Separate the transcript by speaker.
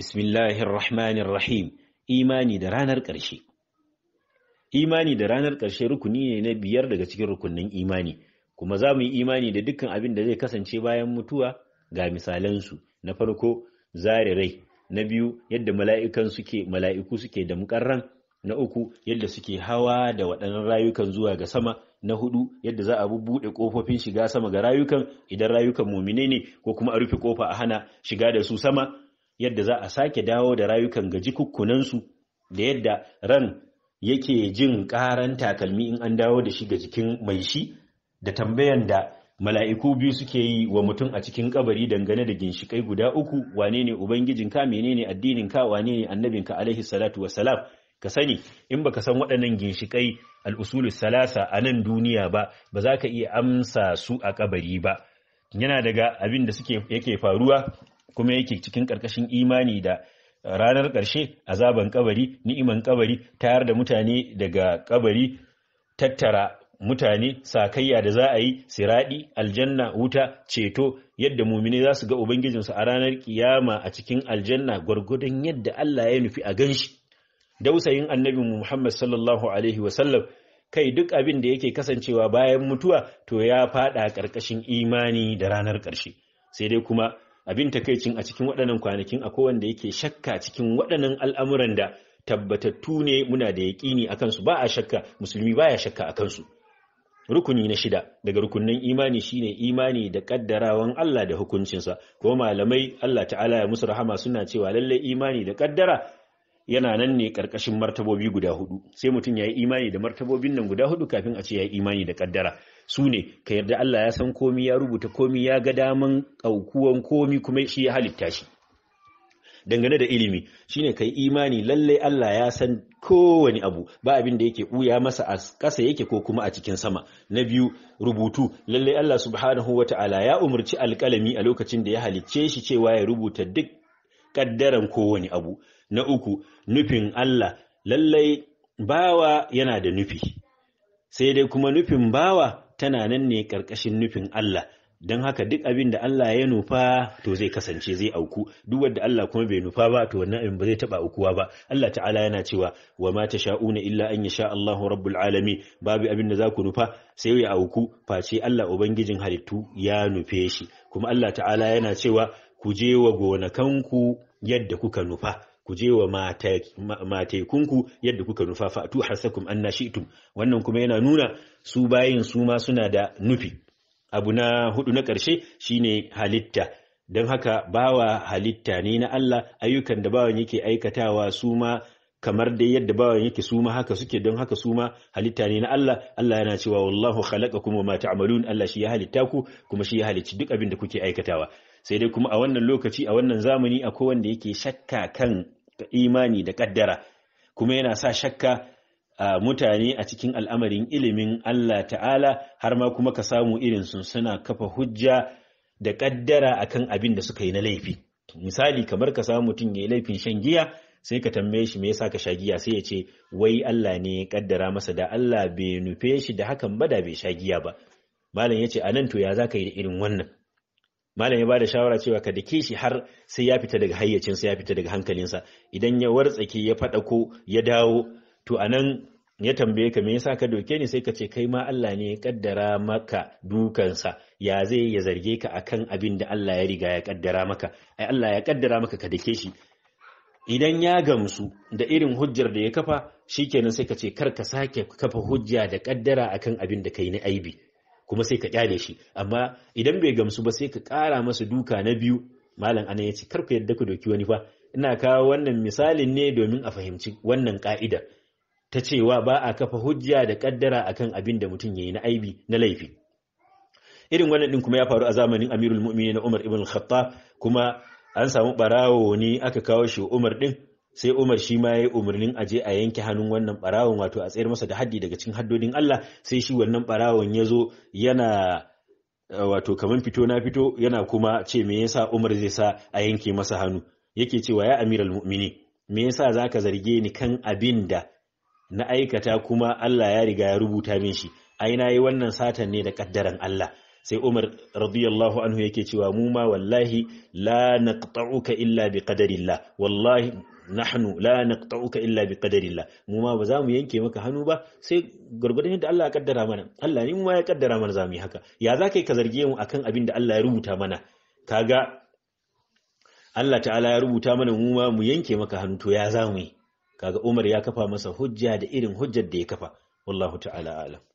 Speaker 1: bismillahir rahmanir rahim imani da ranar ƙarshe imani da ranar ƙarshe rukuni ne na biyar daga cikin rukunin imani kuma za mu yi imani da dukkan abin da zai kasance bayan mutuwa ga misalansu na farko zare rai na biyu yadda mala'ikan suke mala'iku suke da mukarran na uku yadda suke hawa da waɗannan rayukan zuwa ga sama na hudu yadda za a bubbuɗe ƙofofin shiga sama ga rayukan idan rayukan mumine ne ko kuma a rufe ƙofa a hana shiga da su sama yadda za a sake dawo da rayukan gaji kukkunansu da yadda ran yake jin karan takalmi in an dawo da shi ga jikin mai shi da tambayan da mala'iku biyu suke yi wa mutum a cikin kabari dangane da ginshikai guda uku wane ne ka? menene ka? wane ne ka, alaihi salatu wassalam ka sani in baka san waɗannan ginshikai al'usulus salasa a nan duniya ba ba za ka iya amsa su a kabari ba yana daga abin da yake faruwa kuma yake cikin ƙarƙashin imani da ranar ƙarshe azaban kabari ni'iman kabari tayar da mutane daga kabari tattara mutane sakayya da za a yi siradi aljanna wuta ceto yadda mumine za su ga ubangijinsu a ranar kiyama a cikin aljanna gwargwadon yadda Allah ya nufi a ganshi dausayin annabi Muhammad sallallahu alaihi wasallam kai duk abin da yake kasancewa bayan mutuwa to ya fada ƙarƙashin imani da ranar ƙarshe sai dai kuma abin takaicin a cikin waɗannan kwanakin akwai wanda yake shakka cikin waɗannan al'amuran da tabbatattu ne muna da yaƙini a kansu ba a shakka musulmi ba ya shakka a kansu rukuni na shida daga rukunin imani shine imani da ƙaddarawan Allah da hukuncinsa ko malamai Allah ta'ala ya musu rahama suna cewa lallai imani da ƙaddara. yana nan ne karkashin martabobi guda hudu sai mutum ya yi imani da martabobin nan guda hudu kafin a ce ya yi imani da kaddara su ne ka yarda Allah ya san komi ya rubuta komi ya ga daman aukuwan komi kuma shi ya halitta shi dangane da ilimi shine kai imani lallai Allah ya san kowane abu ba abin da yake buya masa a ƙasa yake ko kuma a cikin sama na biyu rubutu lallai Allah subhanahu wata'ala ya umarci alƙalami a lokacin da ya halicce shi cewa ya rubuta duk ƙaddaran kowane abu na uku nufin Allah lallai bawa yana da nufi sai dai kuma nufin bawa tana nan ne ƙarƙashin nufin Allah don haka duk abin da Allah ya nufa to zai kasance zai auku duk wadda Allah kuma bai nufa ba to wannan abin ba zai taba aukuwa ba Allah ta'ala yana cewa wa ma ta sha'una illa an sha Allahu rabbul alami, babu abin da za ku nufa sai ya auku face Allah ubangijin halittu ya nufe shi kuma Allah ta'ala yana cewa ku je wa gonakanku yadda kuka nufa ku je wa matekunku yadda kuka nufa fa'atu harsakum an nashitum wannan kuma yana nuna su bayan su ma suna da nufi abu na hudu na ƙarshe shine halitta don haka bawa halitta ne na Allah ayyukan da bawan yake aikatawa su ma kamar dai yadda bawan yake su ma haka suke don haka su ma halitta ne na Allah Allah yana cewa wallahu khalaqakum wa ma ta'malun Allah shi ya halitta ku kuma shi ya halicci duk abin da kuke aikatawa sai dai kuma a wannan lokaci a wannan zamani akwai wanda yake shakka kan imani da kaddara kuma yana sa shakka a mutane a cikin al'amarin ilimin Allah ta'ala har ma kuma ka samu irin sun suna kafa hujja da kaddara akan abin da suka yi na laifi misali kamar ka samu mutum ya yi laifin shan giya sai ka tambaye shi me yasa ka sha giya sai ya ce wai Allah ne ya kaddara masa da Allah bai nufe shi da hakan ba da bai sha giya ba malam ya ce a nan to ya za yi da irin wannan malam ya ba bada shawara cewa ka dake shi har sai ya fita daga hayyacinsa ya fita daga hankalinsa idan ya wartsake ya faɗa ko ya dawo to anan ya tambaye ka me yasa ka doke ni sai ka ce kai ma Allah ne ya kaddara maka dukansa ya zai ya zarge ka akan abin da Allah ya riga ya kaddara maka ai Allah ya kaddara maka ka dake shi idan ya gamsu da irin hujjar da ya kafa shikenan sai ka ce kar ka sake kafa hujja da kaddara akan abin da kai na aibi kuma sai ka kyale shi amma idan bai gamsu ba sai ka kara masa duka na biyu malam Ana ya ce kar ku yadda ku doki wani fa ina kawo wannan misalin ne domin a fahimci wannan ka'ida ta cewa ba a kafa hujja da kaddara akan abin da mutum yayi na aibi na laifi irin wannan din kuma ya faru a zamanin Amirul Mu'minin Umar ibn Khattab kuma an samu barawo ne aka kawo shi Umar din sai Umar shi ma ya yi umarnin aje a yanke hannun wannan barawon wato a tsayar masa da haddi daga cikin haddodin Allah sai shi wannan barawon ya zo yana eh, wato kamar fito na fito yana kuma ce me yasa Umar zai sa a yanke masa hannu yake cewa ya amiral mu'mini me yasa zaka zarge ni kan abin da na aikata kuma Allah ya riga ya rubuta min shi ai na yi wannan satan ne da kaddaran Allah sai Umar radiyallahu anhu yake cewa mu ma wallahi la naqta'uka illa bi qadarillah wallahi nahnu la naqta'uka illa bi qadarillah mu ma ba za mu yanke maka hannu ba sai gurgurdan yadda Allah ya kaddara mana Allah ne mu ma ya kaddara mana za mu yi haka ya za kai ka zarge mu akan abin da Allah ya rubuta mana kaga Allah ta'ala ya rubuta mana mu ma mu yanke maka hannu to ya za mu yi kaga Umar ya kafa masa hujja da irin hujjar da ya kafa wallahu ta'ala a'lam